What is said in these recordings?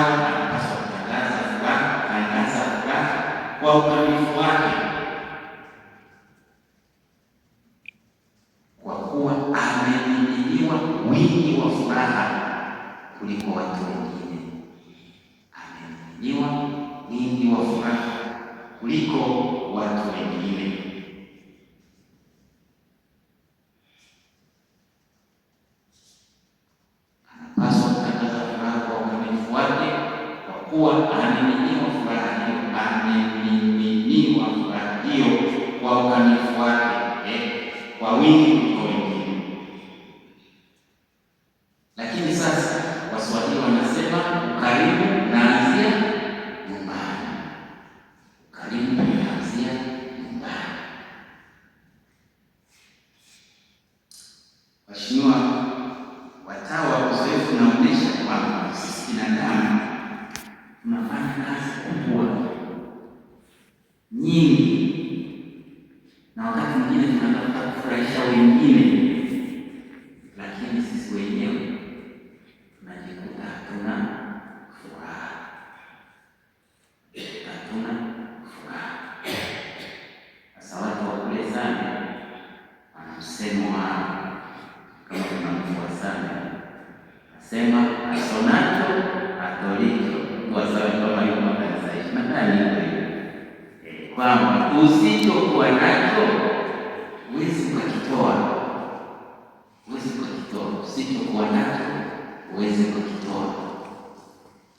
mkawa anapaswa kutangaza furaha na furaha kwa ukamilifu Waswahili wanasema karibu naanzia nyumbani, karibu naanzia nyumbani. Waheshimiwa watawa, uzoefu unaonyesha kwamba sisi binadamu tunafanya kazi kubwa nyingi, na wakati mwingine tunatafuta kufurahisha wengine Wasonato Katoliki wasaamayomakanzaishi nadanikweli eh, kwamba usichokuwa nacho huwezi ukakitoa, huwezi ukakitoa. Usichokuwa nacho huwezi ukakitoa,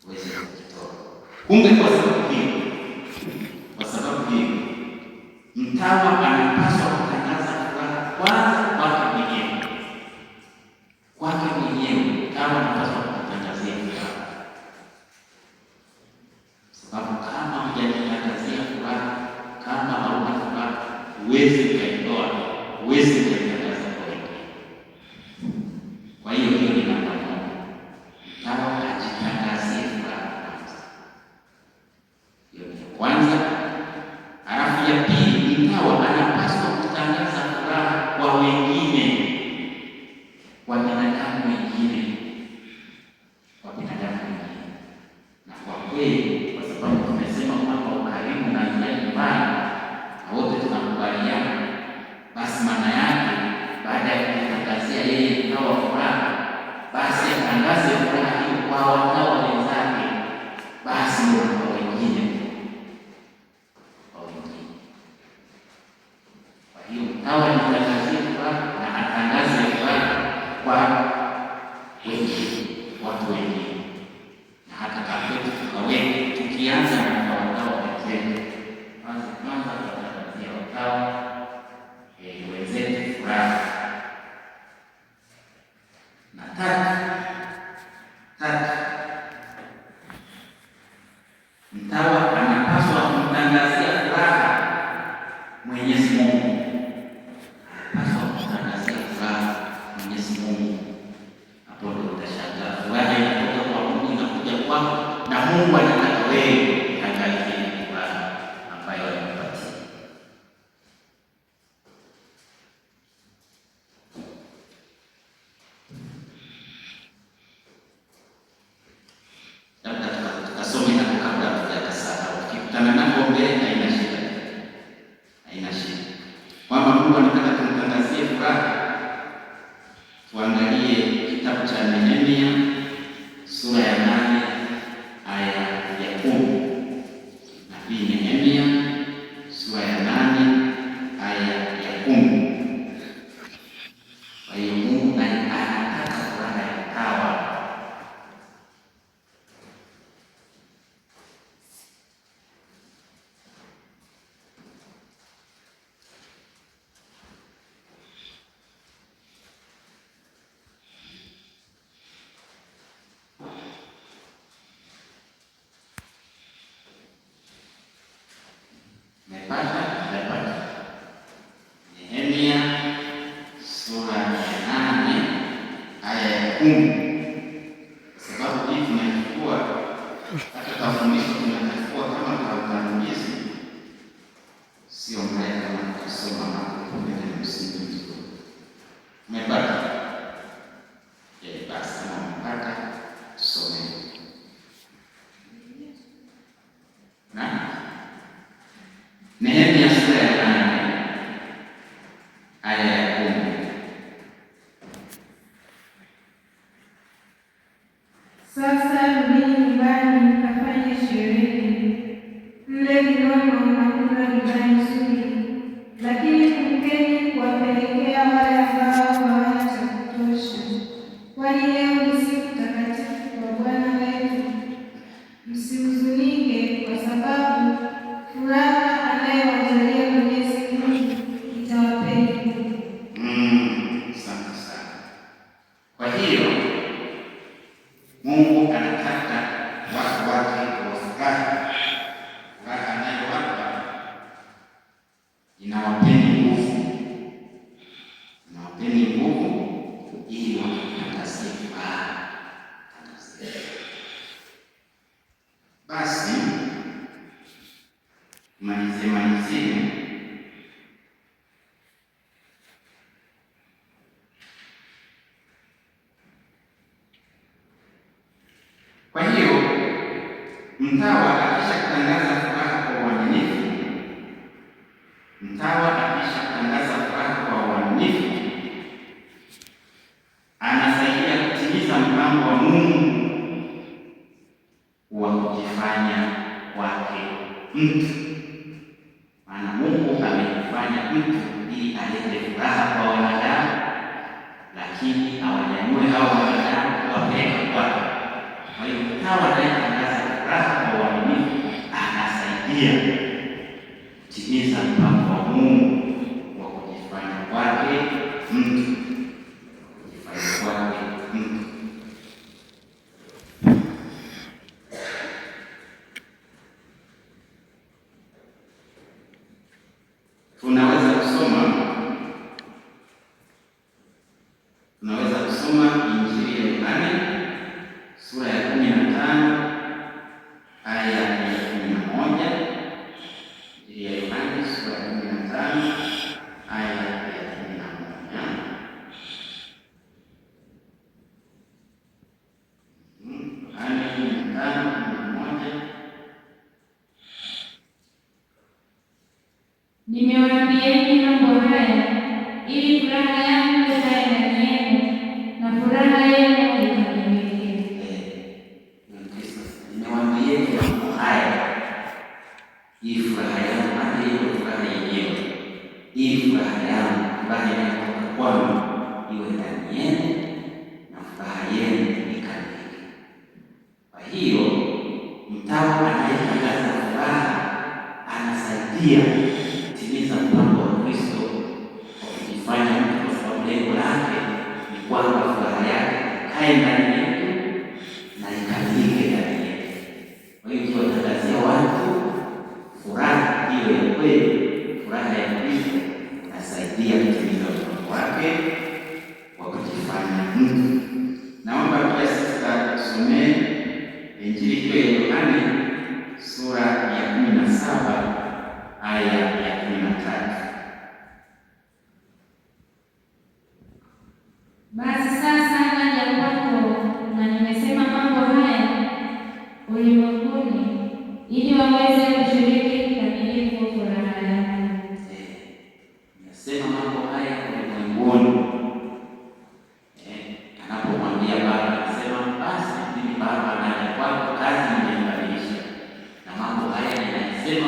huwezi ukakitoa. kumbe kwa mbele haina shida, haina shida. Kwamba Mungu anataka tumtangazie furaha, tuangalie kitabu cha Nehemia ถ้าเรา pia Nimewaambieni mambo haya ili furaha yangu হবে এর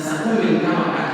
三五零干嘛？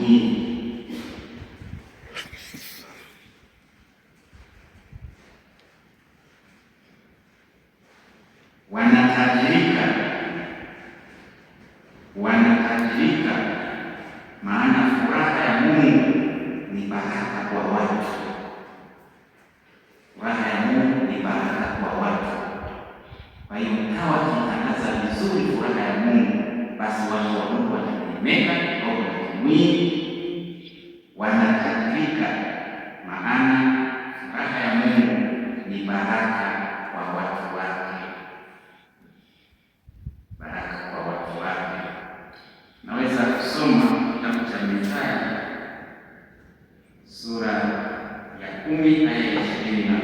Mm. 哎，行。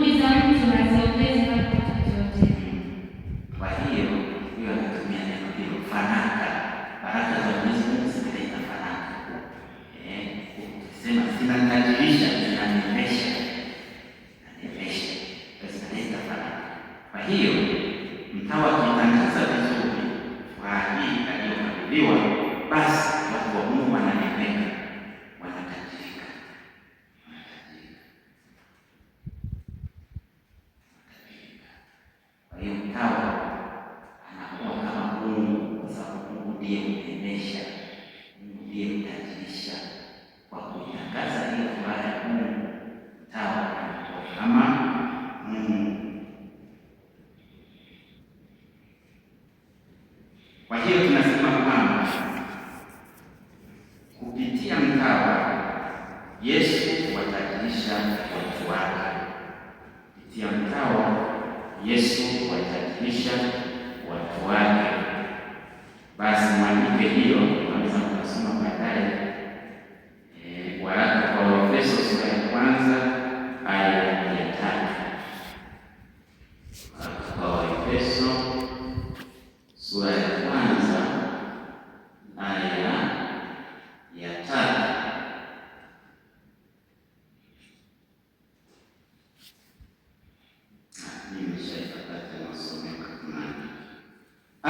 Buddhism to myself.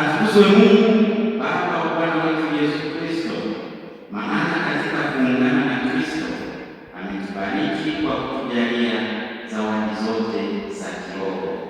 Atukuzwe Mungu Baba wa Bwana wetu Yesu Kristo, maana katika kuungana na Kristo ametubariki kwa kutujalia zawadi zote za kiroho.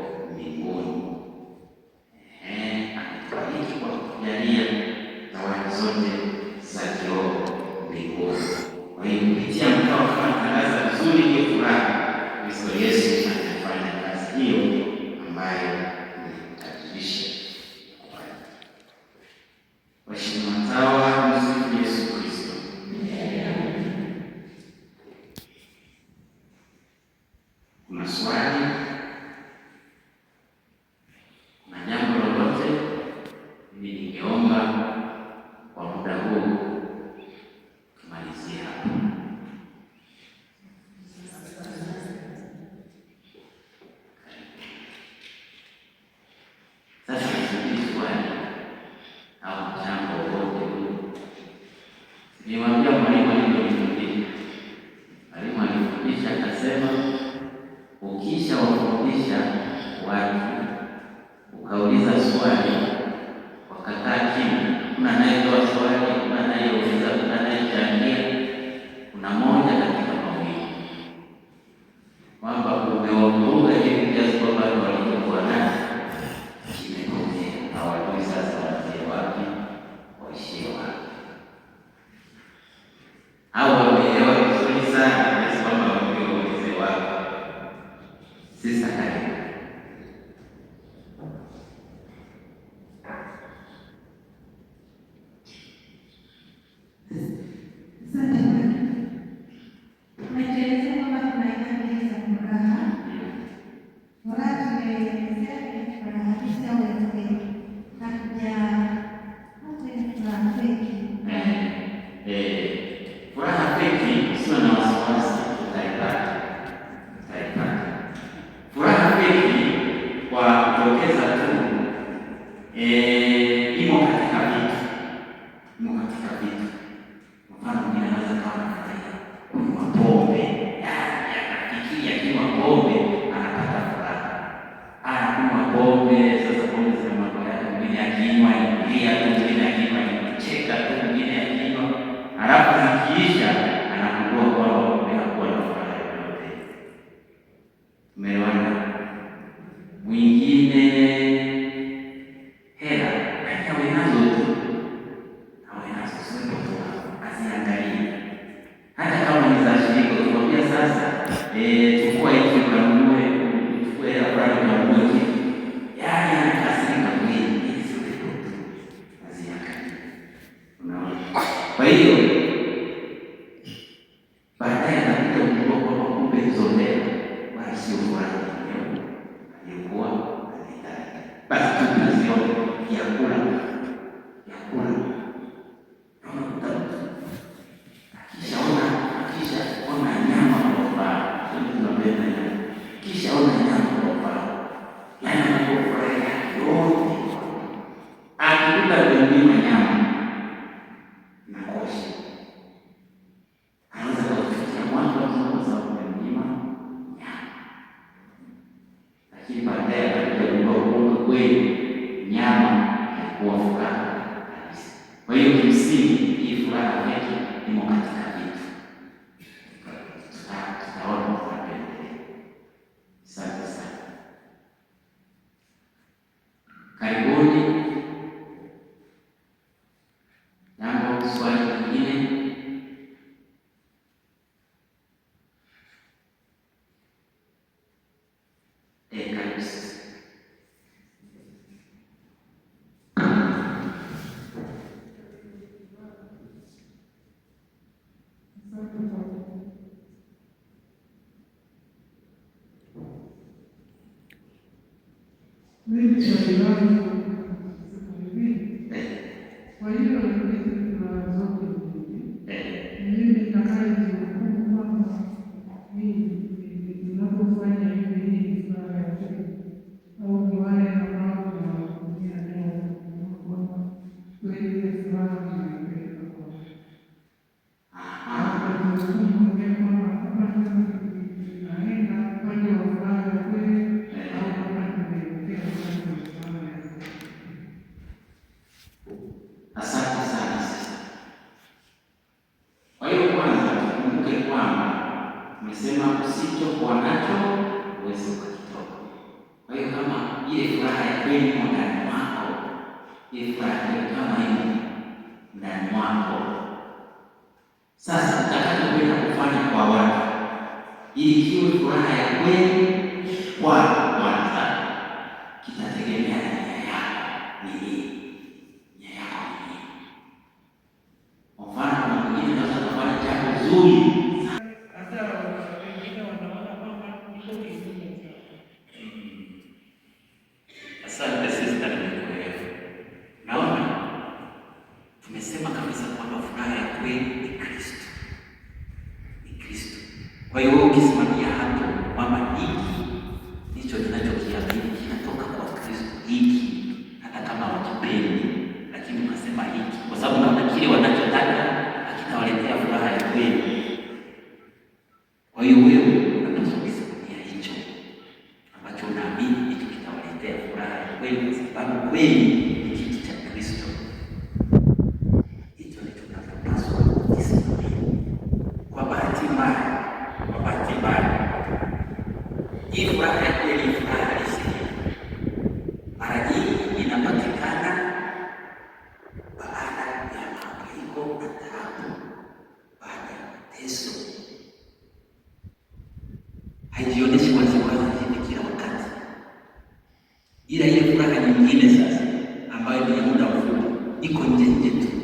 kweli nyama ya kuwa furaha kabisa. Kwa hiyo kimsingi hii furaha yake imo katika mengi shauri yangu kwa hiyo yake ndani mwako ifurahie kama hivi ndani mwako. Sasa utakapokwenda kufanya kwa watu, ikiwe furaha ya kweli kwa watu, kitategemea nia yako ni nini. nyingine sasa, ambayo ni muda mfupi, iko nje nje tu.